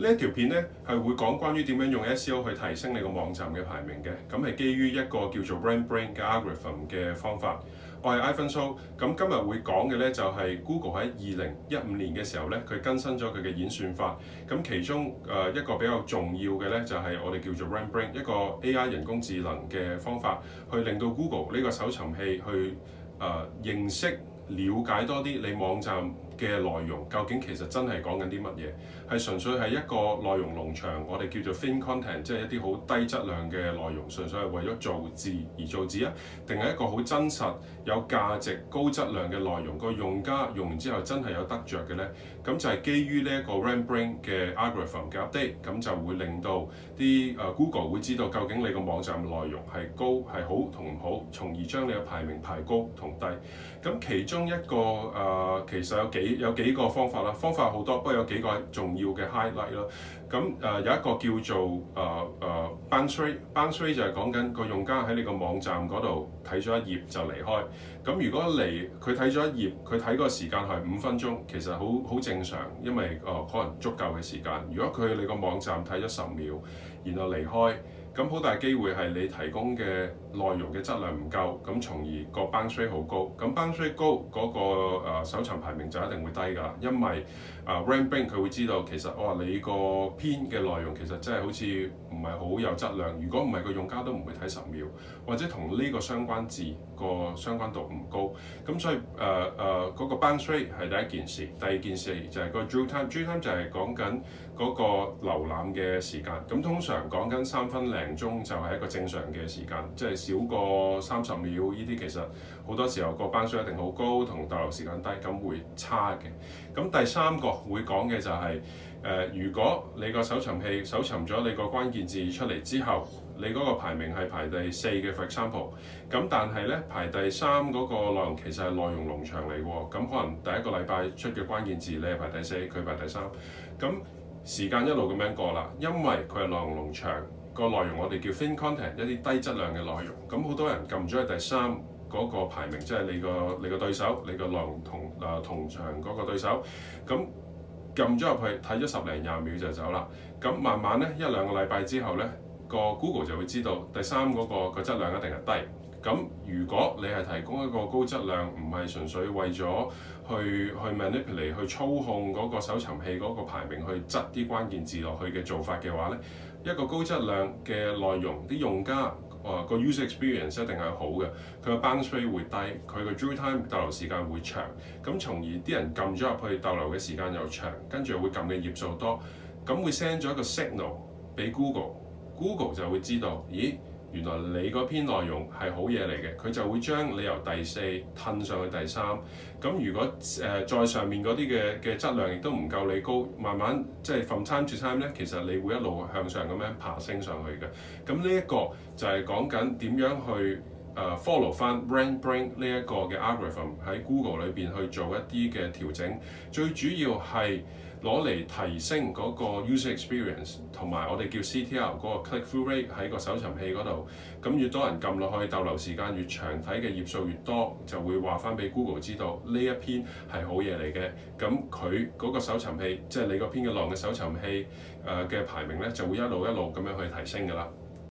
呢一條片咧係會講關於點樣用 SEO 去提升你個網站嘅排名嘅，咁係基於一個叫做 RankBrain 嘅 algorithm 嘅方法。我係 Ivan So，咁今日會講嘅咧就係 Google 喺二零一五年嘅時候咧，佢更新咗佢嘅演算法。咁其中誒一個比較重要嘅咧就係我哋叫做 RankBrain 一個 AI 人工智能嘅方法，去令到 Google 呢個搜尋器去誒認識、瞭解多啲你網站嘅內容究竟其實真係講緊啲乜嘢？係純粹係一個內容農場，我哋叫做 thin content，即係一啲好低質量嘅內容，純粹係為咗造字而造字啊？定係一個好真實、有價值、高質量嘅內容？個用家用完之後真係有得着嘅呢。咁就係基於呢一個 RankBrain 嘅 algorithm 嘅 update，咁就會令到啲 Google 會知道究竟你個網站內容係高係好同唔好，從而將你嘅排名排高同低。咁其中一個誒、呃，其實有幾？有幾個方法啦，方法好多，不過有幾個重要嘅 highlight 咯。咁、呃、誒有一個叫做誒誒、呃啊、bounce rate，bounce rate 就係講緊個用家喺你個網站嗰度睇咗一頁就離開。咁如果嚟佢睇咗一頁，佢睇個時間係五分鐘，其實好好正常，因為誒、呃、可能足夠嘅時間。如果佢去你個網站睇咗十秒，然後離開。咁好大機會係你提供嘅內容嘅質量唔夠，咁從而個 bounce rate 好高。咁 bounce rate 高，嗰個誒搜尋排名就一定會低㗎，因為誒 Ranking 佢會知道其實哇你個編嘅內容其實真係好似唔係好有質量。如果唔係，個用家都唔會睇十秒，或者同呢個相關字個相關度唔高。咁所以誒誒嗰個 bounce rate 係第一件事，第二件事就係個 dwell time，dwell time 就係講緊。嗰個瀏覽嘅時間，咁通常講緊三分零鐘就係一個正常嘅時間，即係少過三十秒。呢啲其實好多時候個班數一定好高，同逗留時間低，咁會差嘅。咁第三個會講嘅就係誒，如果你個搜尋器搜尋咗你個關鍵字出嚟之後，你嗰個排名係排第四嘅，for example，咁但係咧排第三嗰個內容其實係內容農場嚟喎，咁可能第一個禮拜出嘅關鍵字你係排第四，佢排第三，咁。時間一路咁樣過啦，因為佢係內容農場個內容，我哋叫 thin content，一啲低質量嘅內容。咁好多人撳咗去第三嗰個排名，即係你個你個對手，你個農場同啊同場嗰個對手，咁撳咗入去睇咗十零廿秒就走啦。咁慢慢咧，一兩個禮拜之後咧，個 Google 就會知道第三嗰個個質量一定係低。咁如果你係提供一個高質量，唔係純粹為咗去去 manipulate 去操控嗰個搜尋器嗰個排名去擠啲關鍵字落去嘅做法嘅話呢，一個高質量嘅內容，啲用家個 user experience 一定係好嘅，佢嘅 bounce rate 會低，佢嘅 dwell time 逗留時間會長，咁從而啲人撳咗入去逗留嘅時間又長，跟住會撳嘅頁數多，咁會 send 咗一個 signal 俾 Google，Google 就會知道，咦？原來你嗰篇內容係好嘢嚟嘅，佢就會將你由第四褪上去第三。咁如果誒再、呃、上面嗰啲嘅嘅質量亦都唔夠你高，慢慢即係 from time to time 咧，其實你會一路向上咁樣爬升上去嘅。咁呢一個就係講緊點樣去誒、呃、follow 翻 brand brand 呢一個嘅 algorithm 喺 Google 裏邊去做一啲嘅調整，最主要係。攞嚟提升嗰個 user experience，同埋我哋叫 CTR 嗰個 click through rate 喺個搜尋器嗰度，咁越多人撳落去，逗留時間越長，睇嘅頁數越多，就會話翻俾 Google 知道呢一篇係好嘢嚟嘅，咁佢嗰個搜尋器，即係你個篇嘅內容嘅搜尋器，誒嘅排名咧就會一路一路咁樣去提升㗎啦。